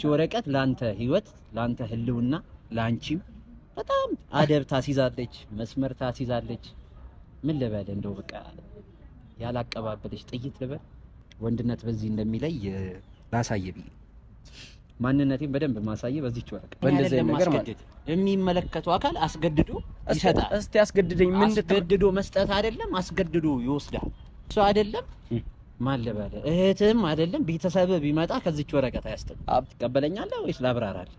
ይቺ ወረቀት ላንተ ህይወት፣ ላንተ ህልውና፣ ላንቺም በጣም አደብ ታስይዛለች፣ መስመር ታስይዛለች። ምን ልበል እንደው በቃ ያላቀባበለች ጥይት ልበል። ወንድነት በዚህ እንደሚለይ ላሳየ ብዬ ማንነቴን በደንብ ማሳየ በዚች ወረቀት በእንደዚህ ነገር ማለት የሚመለከተው አካል አስገድዶ ይሰጣል። እስቲ አስገድደኝ፣ ምን አስገድዶ መስጠት አይደለም አስገድዶ ይወስዳል። እሱ አይደለም ማን እህትም አይደለም ቤተሰብ ቢመጣ ከዚች ወረቀት አያስጥም። አብ ትቀበለኛለህ ወይስ ላብራራል?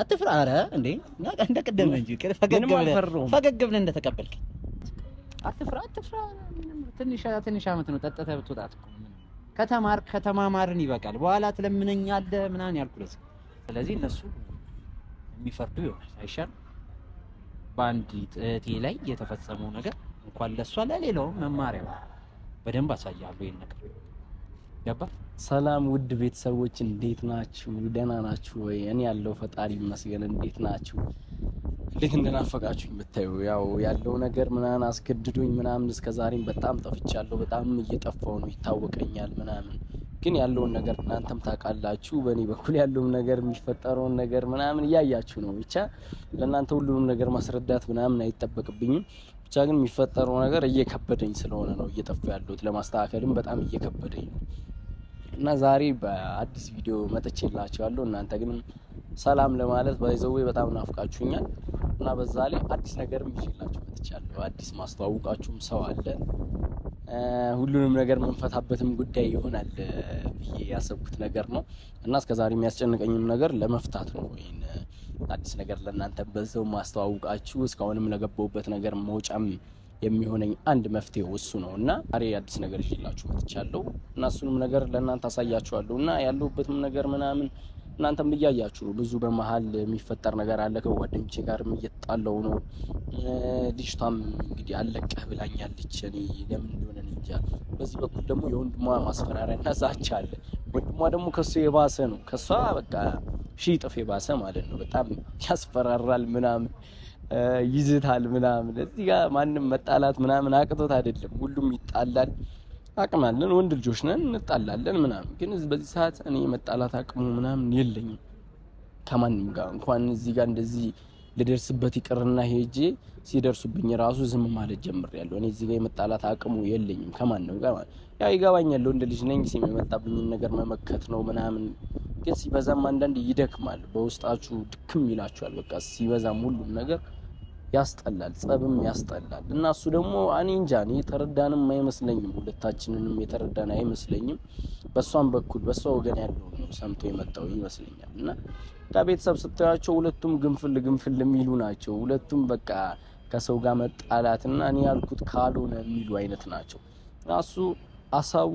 አትፍራ። ኧረ እንዴ እንደ ቅድም እንጂ ፈገግ ብለህ እንደተቀበልክ አትፍራ፣ አትፍራ። ትንሽ ትንሽ አመት ነው ጠጥተህ ብትወጣት ከተማር ከተማማርን ይበቃል። በኋላ ትለምነኛለህ ምናምን ያልኩለት። ስለዚህ እነሱ የሚፈርዱ ይሆናል አይሻልም? በአንድ እህቴ ላይ የተፈጸመው ነገር እንኳን ለሷ ለሌላውም መማሪያ በደንብ አሳያለሁ ይሄን ነገር ገባ። ሰላም ውድ ቤተሰቦች እንዴት ናችሁ? ደህና ናችሁ ወይ? እኔ ያለው ፈጣሪ ይመስገን። እንዴት ናችሁ? እንዴት እንደናፈቃችሁኝ ብታዩ። ያው ያለው ነገር ምናምን አስገድዶኝ ምናምን እስከ ዛሬም በጣም ጠፍቻለሁ። በጣም እየጠፋው ነው ይታወቀኛል ምናምን፣ ግን ያለውን ነገር እናንተም ታውቃላችሁ። በእኔ በኩል ያለውም ነገር የሚፈጠረውን ነገር ምናምን እያያችሁ ነው። ብቻ ለእናንተ ሁሉንም ነገር ማስረዳት ምናምን አይጠበቅብኝም። ብቻ ግን የሚፈጠረው ነገር እየከበደኝ ስለሆነ ነው እየጠፋ ያለሁት። ለማስተካከልም በጣም እየከበደኝ ነው እና ዛሬ በአዲስ ቪዲዮ መጥቼላችኋለሁ። እናንተ ግን ሰላም ለማለት ባይዘዌ በጣም ናፍቃችሁኛል እና በዛ ላይ አዲስ ነገር ይዤላችሁ መጥቻለሁ። አዲስ ማስተዋወቃችሁም ሰው አለ። ሁሉንም ነገር መንፈታበትም ጉዳይ ይሆናል ብዬ ያሰብኩት ነገር ነው እና እስከዛሬ የሚያስጨንቀኝም ነገር ለመፍታት ነው ወይ አዲስ ነገር ለእናንተ በዛው ማስተዋውቃችሁ እስካሁንም ለገባሁበት ነገር መውጫም የሚሆነኝ አንድ መፍትሄ እሱ ነው እና ዛሬ አዲስ ነገር ይዤላችሁ መጥቻለሁ እና እሱንም ነገር ለእናንተ አሳያችኋለሁ እና ያለሁበትም ነገር ምናምን እናንተም እያያችሁ ነው። ብዙ በመሀል የሚፈጠር ነገር አለ። ከጓደኞቼ ጋርም እየተጣለው ነው። ልጅቷም እንግዲህ አለቀህ ብላኛለች። እኔ ለምን እንደሆነ እንጃ። በዚህ በኩል ደግሞ የወንድሟ ማስፈራሪያና ዛቻ አለ። ወንድሟ ደግሞ ከሱ የባሰ ነው። ከሷ በቃ ሺ ጥፍ የባሰ ማለት ነው። በጣም ያስፈራራል ምናምን ይዝታል ምናምን። እዚህ ጋር ማንም መጣላት ምናምን አቅቶት አይደለም፣ ሁሉም ይጣላል። አቅማለን ወንድ ልጆች ነን እንጣላለን ምናምን። ግን በዚህ ሰዓት እኔ መጣላት አቅሙ ምናምን የለኝም ከማንም ጋር እንኳን እዚህ ጋር እንደዚህ ልደርስበት ይቅርና ሄጄ ሲደርሱብኝ ራሱ ዝም ማለት ጀምሬያለሁ። እኔ እዚህ ጋር የመጣላት አቅሙ የለኝም ከማንም ጋር ማለት ያው ይገባኛል፣ ወንድ ልጅ ነኝ። ሲም የመጣብኝን ነገር መመከት ነው ምናምን። ግን ሲበዛም አንዳንድ ይደክማል፣ በውስጣችሁ ድክም ይላችኋል። በቃ ሲበዛም ሁሉም ነገር ያስጠላል፣ ጸብም ያስጠላል። እና እሱ ደግሞ እኔ እንጃ እኔ የተረዳንም አይመስለኝም፣ ሁለታችንንም የተረዳን አይመስለኝም። በእሷም በኩል በእሷ ወገን ያለው ነው ሰምቶ የመጣው ይመስለኛል። እና ቤተሰብ ስታያቸው ሁለቱም ግንፍል ግንፍል የሚሉ ናቸው። ሁለቱም በቃ ከሰው ጋር መጣላት እና እኔ ያልኩት ካልሆነ የሚሉ አይነት ናቸው። እና እሱ አሳቡ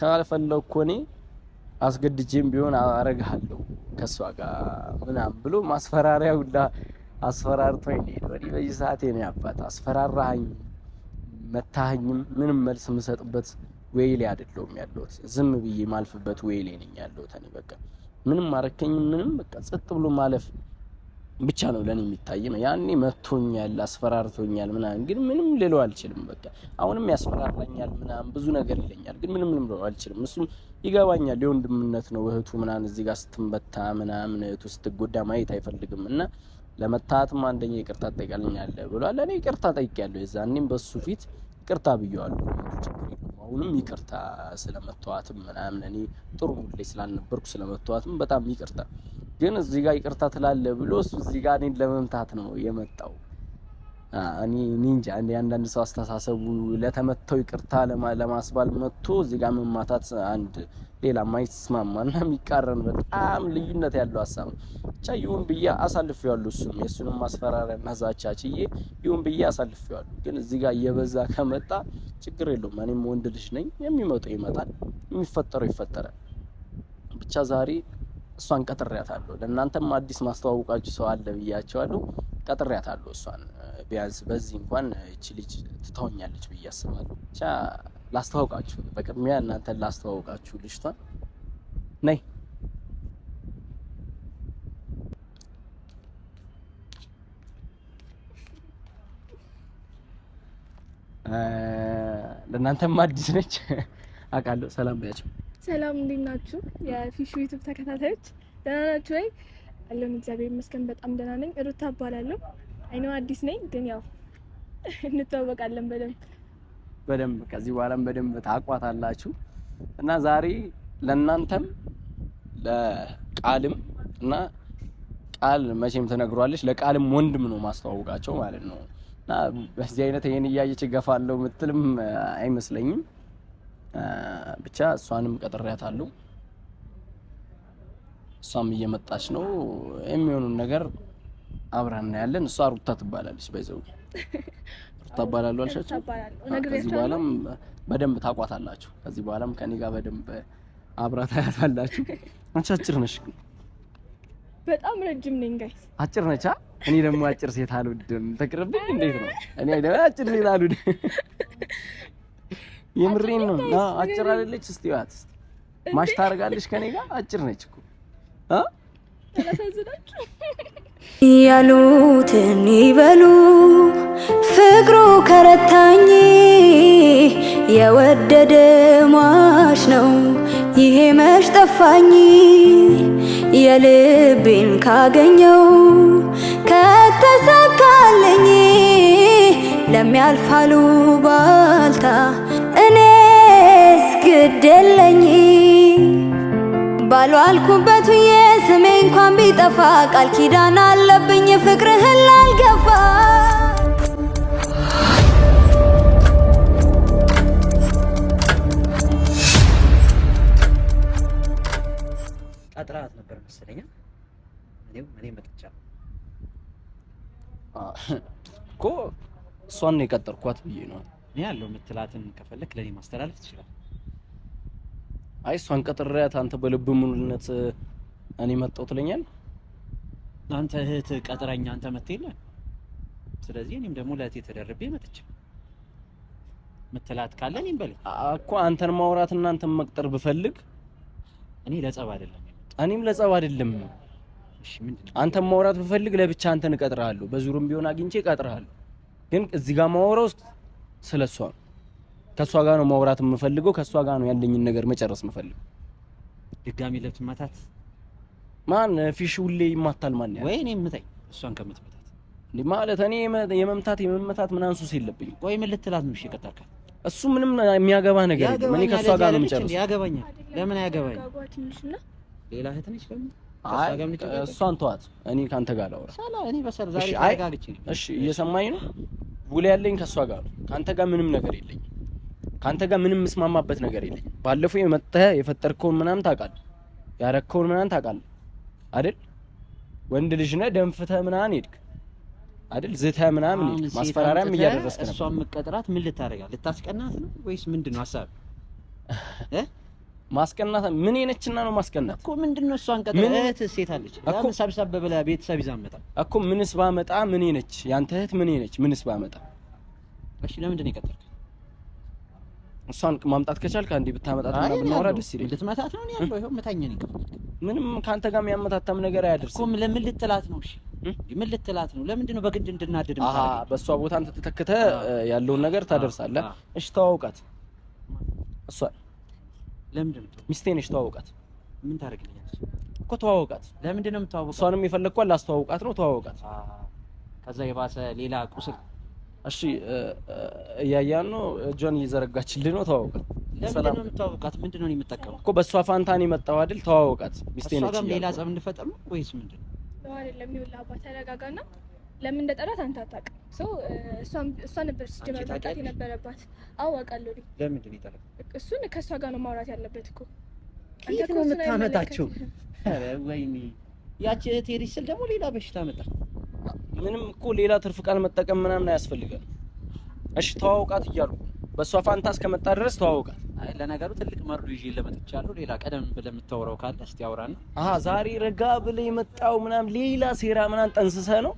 ካልፈለግ ኮኔ አስገድጄም ቢሆን አረግሃለሁ ከእሷ ጋር ምናምን ብሎ ማስፈራሪያ ሁላ አስፈራርቶኝ ሊሄድ ወዲህ በዚህ ሰዓት ነው አባት አስፈራራኝ መታኸኝም ምንም መልስ የምሰጥበት ወይሌ አይደለሁም ያለሁት። ዝም ብዬ ማልፍበት ወይሌ ነኝ ያለሁት። እኔ በቃ ምንም አረከኝም ምንም በቃ ጸጥ ብሎ ማለፍ ብቻ ነው ለኔ የሚታይ ነው። ያኔ መቶኛል፣ አስፈራርቶኛል ምናምን ግን ምንም ልለው አልችልም። በቃ አሁንም ያስፈራራኛል ምናምን ብዙ ነገር ይለኛል፣ ግን ምንም ልለው አልችልም። እሱም ይገባኛል፣ የወንድምነት ነው። እህቱ ምናምን እዚህ ጋር ስትንበታ ምናምን እህቱ ስትጎዳ ማየት አይፈልግም እና ለመታትም አንደኛ ይቅርታ ጠይቃልኛለህ ብሏል። እኔ ይቅርታ ጠይቄያለሁ። የዛኔም በሱ ፊት ይቅርታ ብየዋለሁ። አሁንም ይቅርታ ስለመተዋትም ምናምን እኔ ጥሩ ሙድ ላይ ስላልነበርኩ ስለመተዋትም በጣም ይቅርታ። ግን እዚህ ጋር ይቅርታ ትላለህ ብሎ እሱ እዚህ ጋር እኔን ለመምታት ነው የመጣው። እኔ ኒንጃ እንደ አንዳንድ ሰው አስተሳሰቡ ለተመተው ይቅርታ ለማስባል መጥቶ እዚህ ጋር መማታት አንድ ሌላ ማይስማማና የሚቃረን በጣም ልዩነት ያለው ሀሳብ ነው። ብቻ ይሁን ብዬ አሳልፌዋለሁ። እሱም የእሱንም ማስፈራሪያ ዛቻ ችዬ ይሁን ብዬ አሳልፌዋለሁ። ግን እዚህ ጋር እየበዛ ከመጣ ችግር የለውም። እኔም ወንድ ልጅ ነኝ። የሚመጡ ይመጣል፣ የሚፈጠረው ይፈጠራል። ብቻ ዛሬ እሷን ቀጥሬያታለሁ። ለእናንተም አዲስ ማስተዋወቃችሁ ሰው አለ ብያቸዋለሁ። ቀጥሬያታለሁ። እሷን ቢያንስ በዚህ እንኳን እቺ ልጅ ትተውኛለች ብዬ አስባለሁ። ብቻ ላስተዋውቃችሁ፣ በቅድሚያ እናንተን ላስተዋውቃችሁ። ልጅቷን ነይ ለእናንተም አዲስ ነች አውቃለሁ። ሰላም ብያቸው። ሰላም እንዴት ናችሁ የፊሹ ዩቱብ ተከታታዮች? ደህና ናችሁ ወይ? አለሁኝ እግዚአብሔር ይመስገን በጣም ደህና ነኝ። ሩታ እባላለሁ። አይነው አዲስ ነኝ፣ ግን ያው እንተዋወቃለን በደንብ በደንብ ከዚህ በኋላም በደንብ ታቋታላችሁ እና ዛሬ ለእናንተም ለቃልም እና ቃል መቼም ትነግሯለች ለቃልም ወንድም ነው ማስተዋወቃቸው ማለት ነው እና በዚህ አይነት ይህን እያየች ገፋለሁ ምትልም አይመስለኝም። ብቻ እሷንም ቀጥሬያታለሁ እሷም እየመጣች ነው። የሚሆኑን ነገር አብረን እናያለን። እሷ ሩታ ትባላለች። በይዘው ሩታ እባላለሁ አልሻቸው። ከዚህ በኋላም በደንብ ታቋታላችሁ። ከዚህ በኋላም ከኔ ጋር በደንብ አብራ ታያታላችሁ። አንቺ አጭር ነሽ፣ በጣም ረጅም ነኝ። ጋይ አጭር ነች። እኔ ደግሞ አጭር ሴት አልወድም። ተቅርብኝ እንዴት ነው? እኔ አይደለም አጭር ሴት አልወድም። የምሬን ነው። አጭር አይደለች። እስቲ ዋት ማሽ ታደርጋለች ከኔ ጋር አጭር ነች እኮ ያሉትን ይበሉ ፍቅሩ ከረታኝ የወደደ ሟች ነው ይሄ መች ጠፋኝ የልቤን ካገኘው ከተሳካልኝ ለሚያልፋሉ ባልታ እኔስ ግድ የለኝ ባሉ አልኩበት ብዬ ስሜ እንኳን ቢጠፋ ቃል ኪዳን አለብኝ ፍቅርህን ላልገፋ ቀጥራት ነበር መሰለኝ። እኔም እኔ እኮ እሷን የቀጠርኳት ብዬ ነው። እኔ ያለው ምትላትን ከፈለክ ለእኔ ማስተላለፍ ትችላል። አይ እሷን ቀጥሬያት አንተ በልብ ሙሉነት እኔ መጣሁ ትለኛል። አንተ እህት ቀጥረኛ አንተ መጥተህ ስለዚህ እኔም ደግሞ ለእህቴ ተደርቤ መጥቼ ምትላት ካለ እኔም በል እኮ አንተን ማውራት እና አንተን መቅጠር ብፈልግ እኔ ለጸብ አይደለም እኔም ለጸብ አይደለም። እሺ አንተን ማውራት ብፈልግ ለብቻ አንተን እቀጥርሃለሁ፣ በዙርም ቢሆን አግኝቼ እቀጥርሃለሁ። ግን እዚህ ጋር ማውራው ስለሷ ነው። ከእሷ ጋር ነው ማውራት የምፈልገው። ከእሷ ጋር ነው ያለኝን ነገር መጨረስ የምፈልገው። ድጋሚ ለብት ማታት ማን ፊሽ ሁሌ ይማታል። ማን ያለ ወይ እኔ የምታይ እሷን ከምትመታት ማለት እኔ የመምታት የመመታት ምናምን ሱስ የለብኝም። ቆይ ምን ልትላት ነው? እሺ እሱ ምንም የሚያገባ ነገር የለም። እኔ ከእሷ ጋር ነው የምጨርሰው። ያገባኛል። ለምን አያገባኝ? ሌላ እህት ነች ከምን እሷን ተዋት። እኔ ካንተ ጋር ላውራ። እሺ እየሰማኝ ነው። ውላ ያለኝ ከእሷ ጋር ነው። ካንተ ጋር ምንም ነገር የለኝም። ከአንተ ጋር ምንም የምስማማበት ነገር የለኝ። ባለፈው የመጣህ የፈጠርከውን ምናምን ታውቃለህ፣ ያረከውን ምናምን ታውቃለህ አይደል? ወንድ ልጅ ነህ፣ ደንፍተህ ምናምን ሄድክ አይደል? ዝተህ ምናምን ሄድክ፣ ማስፈራሪያም እያደረስክ ነበር። እሷን መቀጠራት ምን ልታደርጋት? ልታስቀናት ነው ወይስ ምንድን ነው ሀሳብ እ ማስቀናት ምን የነችና ነው ማስቀናት እኮ ምንድነው? እሷን ቀጥ እህት ሴት አለች እኮ ሰብሰብ ብላ ቤተሰብ ይዛ መጣ እኮ ምንስ ባመጣ ምን የነች? ያንተ እህት ምን የነች? ምንስ ባመጣ እሺ፣ ለምንድን ነው የቀጠርከው? እሷን ማምጣት ከቻልክ አንዴ ብታመጣት ነው ብናወራ ደስ ይለኛል። ልትመታት ነው ያለው። ይሄው መታኘን ይቀር ምንም ካንተ ጋር የሚያመታታም ነገር አያደርስም እኮ። ለምን ልትላት ነው? እሺ ምን ልትላት ነው? ለምንድን ነው በግድ እንድናድድ? አሃ በእሷ ቦታ አንተ ተተክተህ ያለውን ነገር ታደርሳለህ። እሺ ተዋውቃት። እሷ ለምንድን ነው ሚስቴ ነሽ? ተዋውቃት። ምን ታደርግልኛለች እኮ? ተዋውቃት። ለምንድን ነው የምታዋውቃት? እሷንም የፈለግኳት ላስተዋውቃት ነው። ተዋውቃት። ከዛ የባሰ ሌላ ቁስል እሺ እያያን ነው። እጇን እየዘረጋችልህ ነው። ተዋወቃት። ለምንድን ነው የምታዋወቃት? ምንድን ነው የምጠቀመው እኮ በእሷ ፋንታን የመጣው አይደል? ተዋወቃት። ሚስቴ ነች። ሌላ ጸብ እንፈጠር ነው ወይስ ምንድን ነው? አይደለም። ይኸውልህ አባ ተረጋጋና፣ ለምን እንደጠራት አንተ አታውቅም። ሰው እሷ ነበር ጀመር መጣት የነበረባት። አዋቃለሁ። ለምንድን ነው የጠራት? እሱን ከእሷ ጋር ነው ማውራት ያለበት እኮ። ከየት ነው የምታመጣቸው? ወይኔ ያቺ ቴሪስል ደግሞ ሌላ በሽታ መጣ። ምንም እኮ ሌላ ትርፍ ቃል መጠቀም ምናምን አያስፈልጋል። እሺ ተዋውቃት እያልኩ በእሷ ፋንታ እስከመጣ ድረስ ተዋውቃት። አይ ለነገሩ ትልቅ መርዶ ይዤ ለመጥቻለሁ። ሌላ ቀደም ብለህ የምታወራው ካለ እስቲ አውራን። አሀ ዛሬ ረጋ ብለህ የመጣው ምናምን ሌላ ሴራ ምናምን ጠንስሰህ ነው?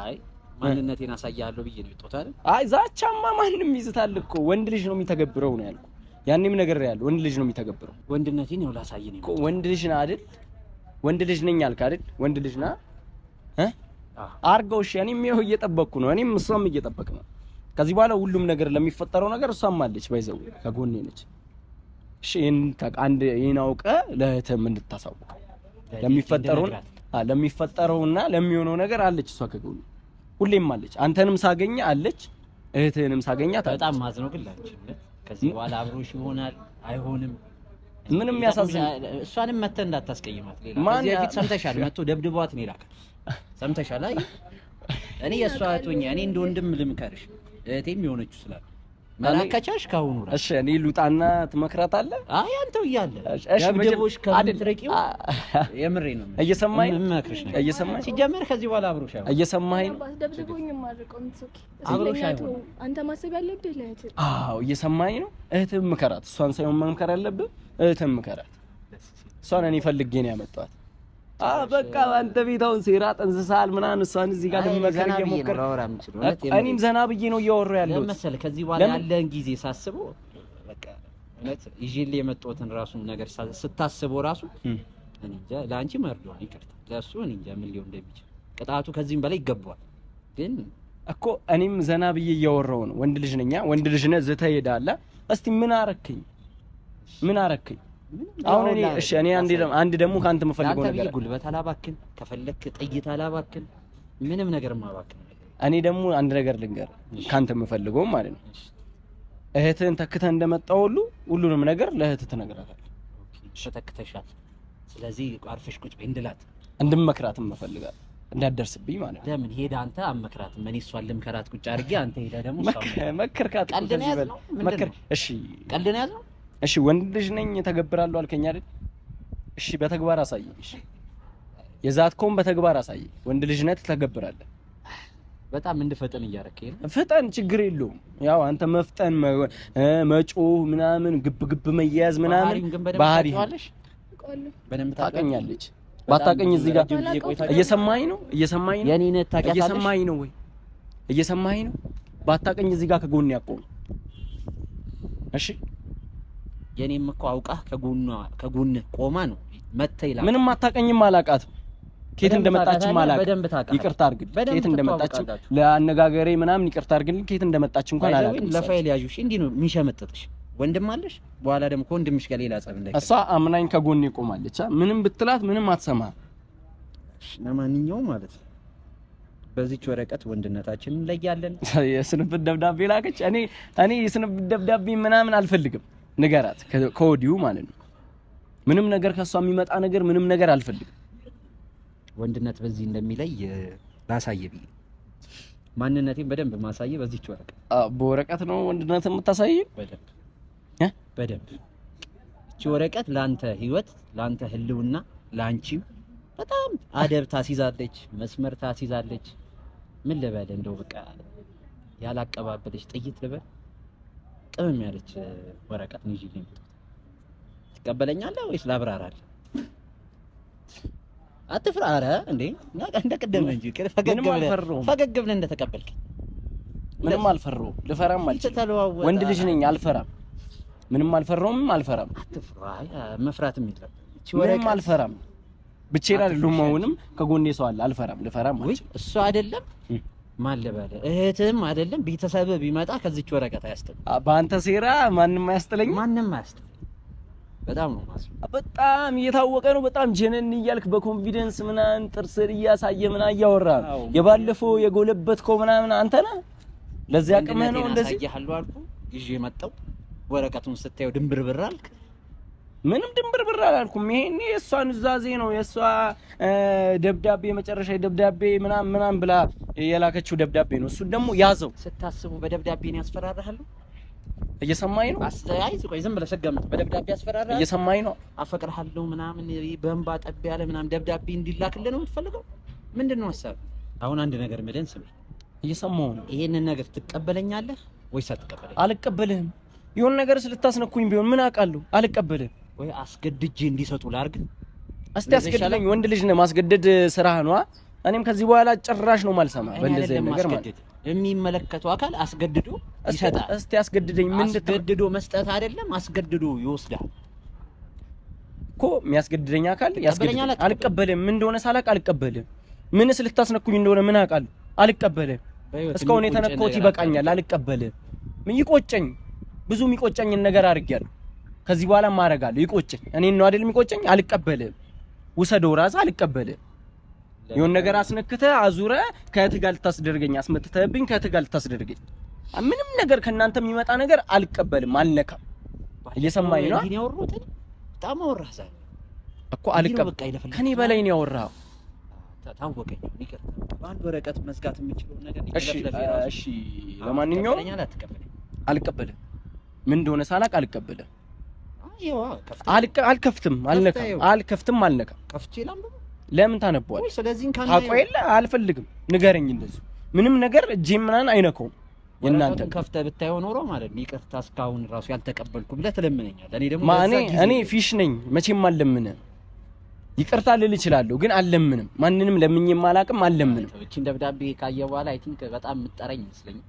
አይ ማንነቴን አሳያለሁ ብዬ ነው የወጣሁት አይደል? አይ ዛቻማ ማንም ይዝታል እኮ ወንድ ልጅ ነው የሚተገብረው ነው ያልኩ። ያኔም ነገር ያለው ወንድ ልጅ ነው የሚተገብረው። ወንድነቴን ነው ላሳይ ነው እኮ። ወንድ ልጅ ነህ አይደል? ወንድ ልጅ ነኝ አልክ አይደል? ወንድ ልጅ ነህ እ አርገው እሺ። እኔም ይኸው እየጠበቅኩ ነው። እኔም እሷም እየጠበቅ ነው። ከዚህ በኋላ ሁሉም ነገር ለሚፈጠረው ነገር እሷም አለች፣ ባይዘው ከጎኔ ነች። እሺ፣ ይህን አውቀ ለእህትም እንድታሳውቅ ለሚፈጠረው ለሚፈጠረውና ለሚሆነው ነገር አለች፣ እሷ ከጎኔ ሁሌም አለች። አንተንም ሳገኘ አለች፣ እህትህንም ሳገኛ አለች። በጣም ማዝነው ግላች። ከዚህ በኋላ አብሮሽ ይሆናል አይሆንም ምንም ያሳዝን። እሷንም መተህ እንዳታስቀይማት። ሌላ ከዚህ በፊት ሰምተሻል። መቶ ደብድቧት ነው ይላካል ሰምተሻል? አይ እኔ የእሷ እህት ሆኜ እኔ እንደ ወንድም ልምከርሽ፣ እህቴም የሆነችው ስላለ መላከቻሽ ካሁኑ እሺ፣ እኔ ሉጣና አለ። አይ አንተው እያለ እሺ፣ ደቦሽ ከምትረቂው የምሬ ነው። እየሰማኸኝ እየሰማኸኝ ሲጀመር ከዚህ በኋላ አብሮሽ አይሆን። እየሰማኸኝ ነው። አብሮሽ አይሆን። አንተ ማሰብ ያለብህ ለእህትህ። አዎ እየሰማኸኝ ነው። እህትህን ምከራት። እሷን ሳይሆን መምከር ያለብህ እህትህን ምከራት። እሷን እኔ ፈልጌ ነው ያመጣኋት። በቃ አንተ ቤት አሁን ሴራ ጠንስሳል ምናምን፣ እሷን እዚህ ጋር ለመመከር እየሞከር እኔም ዘና ብዬ ነው እያወራ ያለው መሰለህ። ከዚህ በኋላ ያለን ጊዜ ሳስበው በቃ እውነት ይዤልህ የመጣሁትን ራሱን ነገር ስታስበው ራሱ እንጃ ለአንቺ መርዷል፣ ይቅርታ ለእሱ እንጃ ምን ሊሆን እንደሚችል ቅጣቱ ከዚህም በላይ ይገባዋል። ግን እኮ እኔም ዘና ብዬ እያወራሁ ነው። ወንድ ልጅ ነኛ፣ ወንድ ልጅ ነህ። ዝተህ ሄዳለህ። እስቲ ምን አረክኝ? ምን አረክኝ? አሁን እኔ እሺ፣ እኔ አንድ አንድ ደግሞ ካንተ የምፈልገው ነገር አንተ ጉልበት አላባክን፣ ከፈለክ ጥይት አላባክን፣ ምንም ነገር ማባክን። እኔ ደግሞ አንድ ነገር ልንገር ካንተ የምፈልገው ማለት ነው፣ እህትህን ተክተህ እንደመጣው ሁሉ ሁሉንም ነገር ለእህትህ ትነግራታለህ። እሺ፣ ተክተሻል። ስለዚህ አርፈሽ ቁጭ በይ እንድላት እንድመክራትም እፈልጋለሁ እንዳደርስብኝ ማለት ነው። ለምን ሄዳ አንተ አመክራትም እኔ እሷን ልምከራት ቁጭ አድርጌ አንተ ሄዳ ደግሞ መከርካት። ቀልድ ነው ያዝነው። እሺ፣ ቀልድ ነው ያዝነው እሺ ወንድ ልጅ ነኝ ተገብራለሁ አልከኝ አይደል? እሺ በተግባር አሳየኝ። እሺ የዛትከውን በተግባር አሳየኝ። ወንድ ልጅ ነህ ትተገብራለህ። በጣም እንድፈጠን እያደረከኝ ነው። ፍጠን፣ ችግር የለውም። ያው አንተ መፍጠን፣ መጮህ፣ ምናምን ግብ ግብ መያዝ ምናምን ባህሪ በደንብ ታውቀኛለች። ባታውቀኝ እዚህ ጋር እየሰማኸኝ ነው? እየሰማኸኝ ነው? የኔን ታውቂያታለሽ? እየሰማኸኝ ነው ወይ? እየሰማኸኝ ነው? ባታውቀኝ እዚህ ጋር ከጎን ያቆም። እሺ የኔም እኮ አውቃ ከጎኗ ከጎን ቆማ ነው መተ ይላል። ምንም አታቀኝም፣ አላቃትም ኬት እንደመጣችም አላውቅም። ይቅርታ አድርግልኝ፣ ኬት እንደመጣችም ለአነጋገሬ ምናምን ይቅርታ አድርግልኝ። ኬት እንደመጣች እንኳን አላውቅም። ለፋይል እሺ፣ እንዲህ ነው የሚሸመጥጥሽ። ወንድም አለሽ፣ በኋላ ደግሞ ከወንድምሽ ጋር ሌላ ጸብ እንዳይከ እሷ አምናኝ ከጎኔ ቆማለች። ምንም ብትላት ምንም አትሰማ። ለማንኛውም ማለት ነው በዚች ወረቀት ወንድነታችን እንለያለን። የስንብት ደብዳቤ ላከች። እኔ እኔ የስንብት ደብዳቤ ምናምን አልፈልግም። ንገራት ከወዲሁ ማለት ነው። ምንም ነገር ከሷ የሚመጣ ነገር ምንም ነገር አልፈልግም። ወንድነት በዚህ እንደሚለይ ላሳየ ብዬ ማንነቴን በደንብ ማሳየ በዚህች ወረቀት። በወረቀት ነው ወንድነት የምታሳይ በደንብ በደንብ። እቺ ወረቀት ለአንተ ህይወት፣ ለአንተ ህልውና፣ ለአንቺም በጣም አደብ ታስይዛለች፣ መስመር ታስይዛለች። ምን ልበል እንደው በቃ ያላቀባበለች ጥይት ልበል ቅመም ያለች ወረቀት ነው ይዤ ትቀበለኛለህ ወይስ ላብራራለህ? አትፍራ። ኧረ እንዴ እንደ ቅድም እንጂ ፈገግ ብለህ እንደተቀበልክ ምንም አልፈራሁም። ልፈራም አልችልም። ወንድ ልጅ ነኝ፣ አልፈራም። ምንም አልፈራሁም፣ አልፈራም። አትፍራ። መፍራትም የለም። ምንም አልፈራም። ብቻዬን አይደለሁም። አሁንም ከጎኔ ሰው አለ። አልፈራም፣ ልፈራም አልችልም። እሱ አይደለም ማን ልበል እህትም አይደለም ቤተሰብ ቢመጣ ከዚች ወረቀት አያስጥል። በአንተ ሴራ ማንም አያስጥለኝ፣ ማንም አያስጥል። በጣም ነው ማስብ። በጣም እየታወቀ ነው። በጣም ጀነን እያልክ በኮንፊደንስ ምናምን ጥርስር እያሳየ ምናምን እያወራ ነው። የባለፈው የጎለበትከው ምናምን አንተ ነህ። ለዚህ አቅምህ ነው እንደዚህ ያሳያለሁ አልኩ። ይዤ መጣሁ። ወረቀቱን ስታየው ድንብርብር አልክ። ምንም ድንብርብር አላልኩም። ይሄኔ የእሷ ኑዛዜ ነው የእሷ ደብዳቤ መጨረሻ ደብዳቤ ምናምን ምናምን ብላ የላከችው ደብዳቤ ነው። እሱን ደግሞ ያዘው ስታስቡ በደብዳቤ ነው ያስፈራራሉ። እየሰማኝ ነው። አስተያየት ቆይ ዝም ብለህ ስትገምጥ በደብዳቤ ያስፈራራሃል። እየሰማኝ ነው። አፈቅርሃለሁ ምናምን በእንባ ጠብ ያለ ምናምን ደብዳቤ እንዲላክልህ ነው የምትፈልገው? ምንድን ነው ሀሳብ? አሁን አንድ ነገር ምደን ስም እየሰማሁ ነው። ይሄንን ነገር ትቀበለኛለህ ወይስ አትቀበለኝ? አልቀበልህም። የሆነ ነገር ስልታስነኩኝ ቢሆን ምን አውቃለሁ? አልቀበልህም ወይ አስገድጄ እንዲሰጡ ላርግ። እስቲ አስገድለኝ። ወንድ ልጅ ነው ማስገደድ ስራህ ነዋ። እኔም ከዚህ በኋላ ጭራሽ ነው ማልሰማ በእንደዚህ ነገር ማለት የሚመለከተው አካል አስገድዶ ይሰጣል። እስቲ አስገድደኝ። ምን አስገድዶ መስጠት አይደለም አስገድዶ ይወስዳል እኮ የሚያስገድደኝ አካል ያስገድደኛል። አልቀበልም፣ ምን እንደሆነ ሳላቅ አልቀበልም። ምንስ ልታስነኩኝ እንደሆነ ምን አውቃለሁ? አልቀበልም። እስካሁን የተነካሁት ይበቃኛል። አልቀበልም። ይቆጨኝ፣ ብዙ የሚቆጨኝን ነገር አድርጌያለሁ። ከዚህ በኋላ ማረጋለሁ። ይቆጭኝ እኔ ነው አይደል የሚቆጨኝ? አልቀበልም። ውሰደው ራስህ አልቀበልም። የሆነ ነገር አስነክተ አዙረ ከእህትህ ጋር ልታስደርገኝ አስመትተህብኝ ከእህትህ ጋር ልታስደርገኝ ምንም ነገር ከእናንተ የሚመጣ ነገር አልቀበልም፣ አልነካም። እየሰማኝ ነው። በጣም አወራህ ዛሬ እኮ አልቀበል። ከኔ በላይ ነው ያወራኸው። ታወቀኝ። በአንድ ወረቀት መዝጋት የምችለው ነገር እሺ፣ እሺ። ለማንኛውም አልቀበልም። ምን እንደሆነ ሳላቅ አልቀበልም። አልከፍትም፣ አልነካም፣ አልከፍትም፣ አልነካም። ለምን ታነበዋለህ? ታውቀው የለ አልፈልግም። ንገረኝ። እንደዚህ ምንም ነገር እጄ ምናምን አይነካውም። የእናንተ ከፍተህ ብታየው ኖሮ ማለት ነው ይቅርታ እስካሁን ራሱ ያልተቀበልኩ ብለህ ትለምነኛለህ። እኔ ደግሞ እኔ ፊሽ ነኝ፣ መቼም አልለምንም። ይቅርታ ልል እችላለሁ፣ ግን አልለምንም። ማንንም ለምኜም አላውቅም፣ አልለምንም። እቺን ደብዳቤ ካየህ በኋላ አይ ቲንክ በጣም የምጠራኝ ይመስለኛል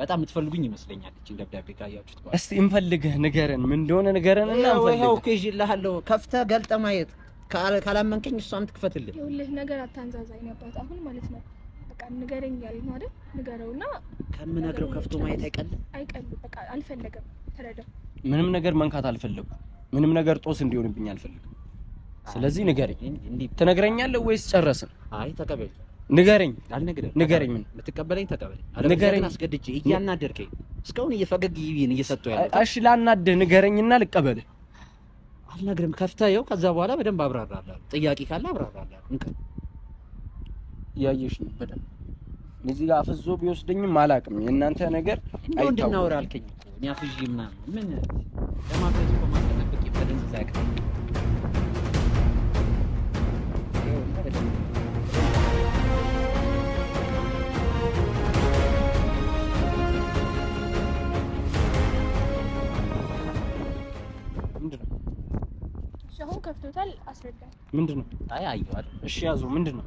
በጣም የምትፈልጉኝ ይመስለኛል። እቺን ደብዳቤ ካያችሁት በኋላ እስቲ እንፈልግህ፣ ንገረን፣ ምን እንደሆነ ንገረን እና እንፈልግህ። ኦኬ ይላልው ከፍተህ ገልጠህ ማየት ካላመንከኝ እሷም ትክፈትልህ። ይኸውልህ ነገር አታንዛዛኝ ነበር አሁን ማለት ነው። በቃ ንገረኝ ያለኝ አይደል? ንገረውና ከምነግረው ከፍቶ ማየት አይቀልም፣ አይቀልም። በቃ አልፈለገም፣ ተረዳው። ምንም ነገር መንካት አልፈለኩም። ምንም ነገር ጦስ እንዲሆንብኝ አልፈለግም። ስለዚህ ንገረኝ። ትነግረኛለህ ወይስ ጨረስን? አይ ተቀበል ንገረኝ፣ ንገረኝ፣ ምን ብትቀበለኝ፣ ተቀበለኝ፣ ንገረኝ። አስገድጄ እያናደርከኝ እስካሁን እየፈገግ ይብን እየሰጡ ያለ እሺ፣ ላናድህ ንገረኝና ልቀበልህ። አልነግርም፣ ከፍተህ ይኸው። ከዛ በኋላ በደንብ አብራራለሁ። ጥያቄ ካለ አብራራለሁ። እንካ፣ እያየሽ ነው በደንብ እዚህ ጋር አፍዞ ቢወስደኝም አላውቅም። የእናንተ ነገር እንድናወራ አልከኝ። እኔ አፍዤ ምናምን ምን ለማድረግ እኮ ማጠናቀቅ በደንብ ሳያውቅ ከፍቶታል። አስረዳል። ምንድን ነው? አይ አየዋል። እሺ ያዙ። ምንድን ነው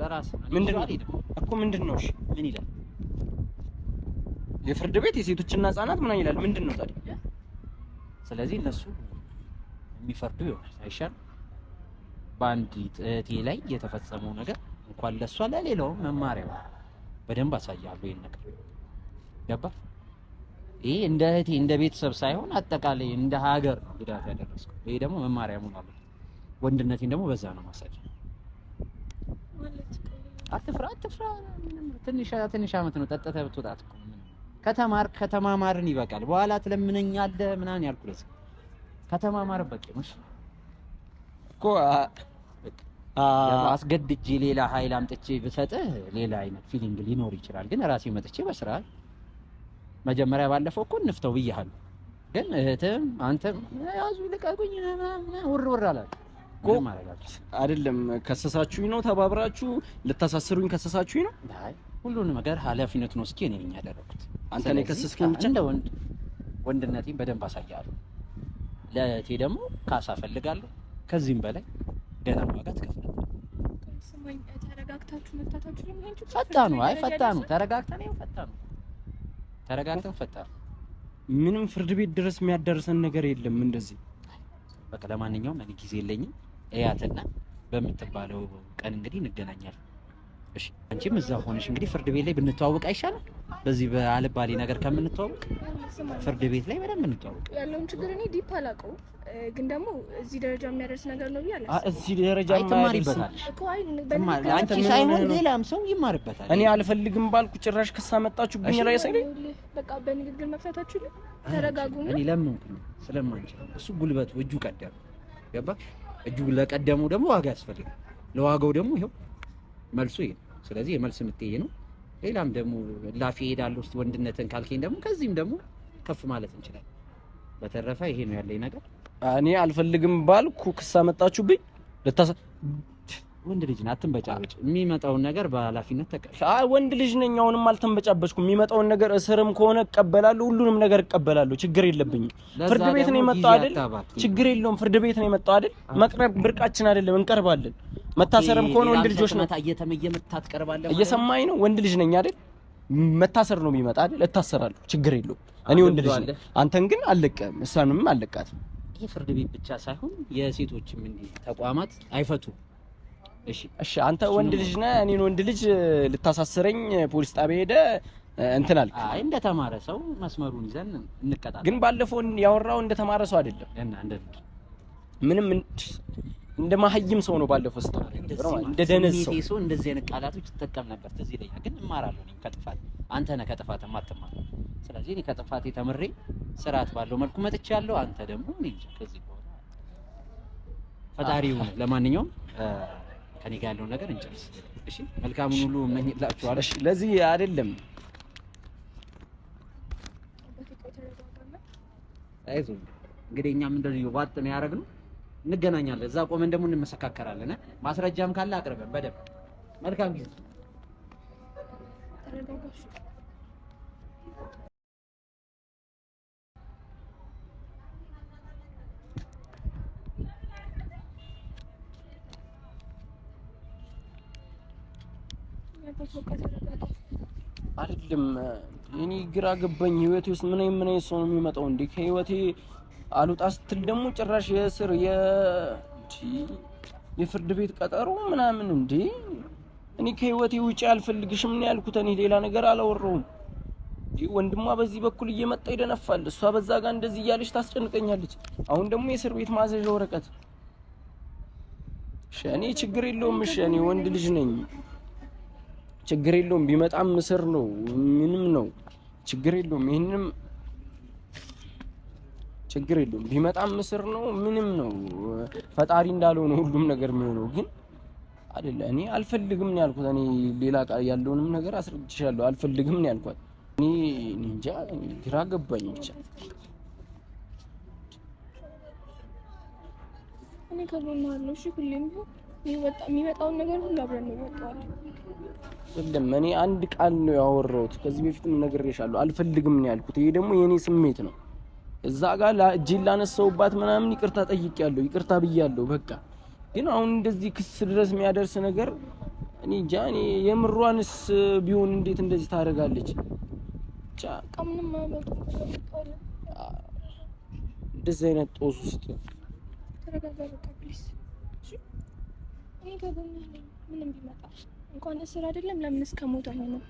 ለራስ ምንድን ነው እኮ ምንድን ነው? እሺ ምን ይላል? የፍርድ ቤት የሴቶችና ህጻናት ምናምን ይላል። ምንድን ነው ታዲያ? ስለዚህ እነሱ የሚፈርዱ ይሆናል አይሻል። በአንድ እህቴ ላይ የተፈጸመው ነገር እንኳን ለእሷ ለሌላውም መማሪያ በደንብ አሳያለሁ። ይሄን ነገር ገባ ይሄ እንደ እህቴ እንደ ቤተሰብ ሳይሆን አጠቃላይ እንደ ሀገር ጉዳት ያደረስኩ። ይሄ ደግሞ መማሪያ መሆን አለበት። ወንድነቴን ደግሞ በዛ ነው ማሳጅ። አትፍራ አትፍራ። ትንሽ ትንሽ አመት ነው ጠጥተህ ብትወጣት እኮ ከተማር ከተማማርን ይበቃል። በኋላ ትለምነኛለህ ምናምን ያልኩለት ከተማማር በቃ ነው እኮ አስገድጄ ሌላ ኃይል አምጥቼ ብሰጥህ ሌላ አይነት ፊሊንግ ሊኖር ይችላል። ግን ራሴ መጥቼ በስርዓት መጀመሪያ ባለፈው እኮ እንፍተው ብያሃል፣ ግን እህትም አንተም ያዙ ልቀቁኝ ውር ውር አላል እኮ አይደለም። ከሰሳችሁኝ ነው ተባብራችሁ ልታሳስሩኝ ከሰሳችሁኝ ነው። ሁሉን ነገር ኃላፊነቱን ወስጄ እኔ ነኝ ያደረኩት። አንተ ነው የከሰስከኝ ብቻ። እንደ ወንድ ወንድነቴን በደንብ አሳያለሁ። ለእህቴ ደግሞ ካሳ ፈልጋለሁ። ከዚህም በላይ ገና ዋጋ ትከፍላለህ። ፈጣኑ አይ ፈጣኑ ተረጋግተን ያው ፈጣኑ ተረጋግተን ፈታ። ምንም ፍርድ ቤት ድረስ የሚያደርሰን ነገር የለም። እንደዚህ በቃ ለማንኛውም እኔ ጊዜ የለኝም። እያትና በምትባለው ቀን እንግዲህ እንገናኛለን። እሺ፣ አንቺም እዛ ሆነሽ እንግዲህ ፍርድ ቤት ላይ ብንተዋወቅ አይሻልም? በዚህ በአልባሌ ነገር ከምንተዋወቅ ፍርድ ቤት ላይ በደንብ እንተዋወቅ። ያለውን ችግር እኔ ዲፕ አላውቀው፣ ግን ደግሞ እዚህ ደረጃ የሚያደርስ ነገር ነው ብያለሁ። እዚህ ደረጃ ይማርበታል አንቺ ሳይሆን ሌላም ሰው ይማርበታል። እኔ አልፈልግም ባልኩ ጭራሽ ክስ አመጣችሁብኝ። ራይ ሰ በቃ በንግግር መፍታታችሁ ተረጋጉ። እኔ ለምንኩ ስለማንች እሱ ጉልበቱ እጁ ቀደም ገባ። እጁ ለቀደሙ ደግሞ ዋጋ ያስፈልጋል። ለዋጋው ደግሞ ይኸው መልሱ ይሄ። ስለዚህ የመልስ ምትዬ ነው ሌላም ደግሞ ላፊ ሄዳል ውስጥ ወንድነትን ካልከኝ ደግሞ ከዚህም ደግሞ ከፍ ማለት እንችላለን። በተረፈ ይሄ ነው ያለኝ ነገር። እኔ አልፈልግም ባልኩ ክስ አመጣችሁብኝ። ወንድ ልጅ ነህ፣ አትንበጫበጭ። የሚመጣውን ነገር በኃላፊነት ተቀ ወንድ ልጅ ነኝ፣ አሁንም አልተንበጫበጭኩም። የሚመጣውን ነገር እስርም ከሆነ እቀበላለሁ፣ ሁሉንም ነገር እቀበላለሁ። ችግር የለብኝም። ፍርድ ቤት ነው የመጣው አይደል? ችግር የለውም። ፍርድ ቤት ነው የመጣው አይደል? መቅረብ ብርቃችን አይደለም፣ እንቀርባለን መታሰርም ከሆነ ወንድ ልጆች ነው እየሰማኝ ነው። ወንድ ልጅ ነኝ አይደል? መታሰር ነው የሚመጣ አይደል? እታሰራለሁ፣ ችግር የለውም። እኔ ወንድ ልጅ ነኝ። አንተን ግን አልለቀህም፣ እሷንም አልለቃትም። ይህ ፍርድ ቤት ብቻ ሳይሆን የሴቶችም እንዲህ ተቋማት አይፈቱ። እሺ፣ እሺ፣ አንተ ወንድ ልጅ ነህ። እኔን ወንድ ልጅ ልታሳስረኝ ፖሊስ ጣቢያ ሄደ እንትን አልክ። አይ እንደተማረ ሰው መስመሩን ይዘን እንቀጣለን። ግን ባለፈው ያወራው እንደተማረ ሰው አይደለም እና እንደ ምንም እንደ ማህይም ሰው ነው ባለፈው ስታወራ እንደ ደነዝ ሰው እንደዚህ አይነት ቃላቶች ይጠቀም ነበር። ትዝ ይለኛል። ግን እማራለሁ እኔም ከጥፋት አንተ ነህ ከጥፋት የማትማር ስለዚህ እኔ ከጥፋቴ ተምሬ ስርዓት ባለው መልኩ መጥቻለሁ። አንተ ደግሞ እኔ እንጃ ከዚህ በኋላ ፈጣሪው ለማንኛውም ከኔ ጋር ያለውን ነገር እንጨርስ። እሺ መልካሙን ሁሉ እመኝላችኋለሁ። እሺ ለዚህ አይደለም አይዞ እንግዲህ እኛም እንደዚህ ዋጥ ነው ያደረግነው እንገናኛለን። እዛ ቆመን ደግሞ እንመሰካከራለን። ማስረጃም ካለ አቅርበን በደንብ መልካም ጊዜ አይደለም። እኔ ግራ ገባኝ። ህይወቴ ውስጥ ምን ምን ሰው ነው የሚመጣው እንዴ ከህይወቴ አሉጣ ስትል ደግሞ ጭራሽ የእስር የፍርድ ቤት ቀጠሮ ምናምን። እንዴ እኔ ከህይወቴ ውጪ አልፈልግሽም ነው ያልኩት። እኔ ሌላ ነገር አላወራውም። ወንድሟ በዚህ በኩል እየመጣ ይደነፋል፣ እሷ በዛ ጋር እንደዚህ እያለች ታስጨንቀኛለች። አሁን ደግሞ የእስር ቤት ማዘዣ ወረቀት። እሺ እኔ ችግር የለውም እሺ፣ እኔ ወንድ ልጅ ነኝ፣ ችግር የለውም ቢመጣም እስር ነው ምንም ነው ችግር የለውም። ይህንም ችግር የለውም። ቢመጣም ምስር ነው ምንም ነው ፈጣሪ እንዳለው ነው ሁሉም ነገር የሚሆነው ግን አይደለ። እኔ አልፈልግም ነው ያልኩት። እኔ ሌላ ቃል ያለውንም ነገር አስረድሻለሁ። አልፈልግም ነው ያልኳት። እኔ እንጃ ግራ ገባኝ ብቻ እኔ ከጎናለሁ። እሺ ሁሌም ቢሆን የሚመጣውን ነገር ሁሉ አብረን ነው እንወጣዋለን። ሁሉም እኔ አንድ ቃል ነው ያወራሁት። ከዚህ በፊትም ነግሬሻለሁ። አልፈልግም ነው ያልኩት። ይሄ ደግሞ የእኔ ስሜት ነው። እዛ ጋር እጄን ላነሳውባት ምናምን ይቅርታ ጠይቄያለሁ፣ ይቅርታ ብያለሁ። በቃ ግን አሁን እንደዚህ ክስ ድረስ የሚያደርስ ነገር እኔ እንጃ። እኔ የምሯንስ ቢሆን እንዴት እንደዚህ ታደርጋለች? ብቻ እንደዚህ አይነት ጦስ ውስጥ ምንም ቢመጣ እንኳን እስር አይደለም ለምን እስከ ሞት አይሆንም።